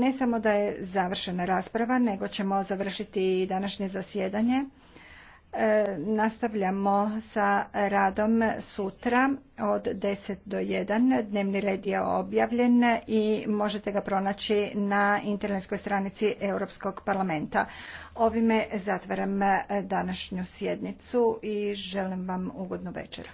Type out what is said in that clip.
Ne samo da je završena rasprava, nego ćemo završiti i današnje zasjedanje. E, nastavljamo sa radom sutra od 10 do 1. Dnevni red je objavljen i možete ga pronaći na internetskoj stranici Europskog parlamenta. Ovime zatvaram današnju sjednicu i želim vam ugodnu večer.